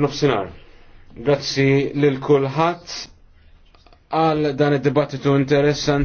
f'nofsinhar. Grazzi lil kulħadd għal dan id-dibattitu interessanti.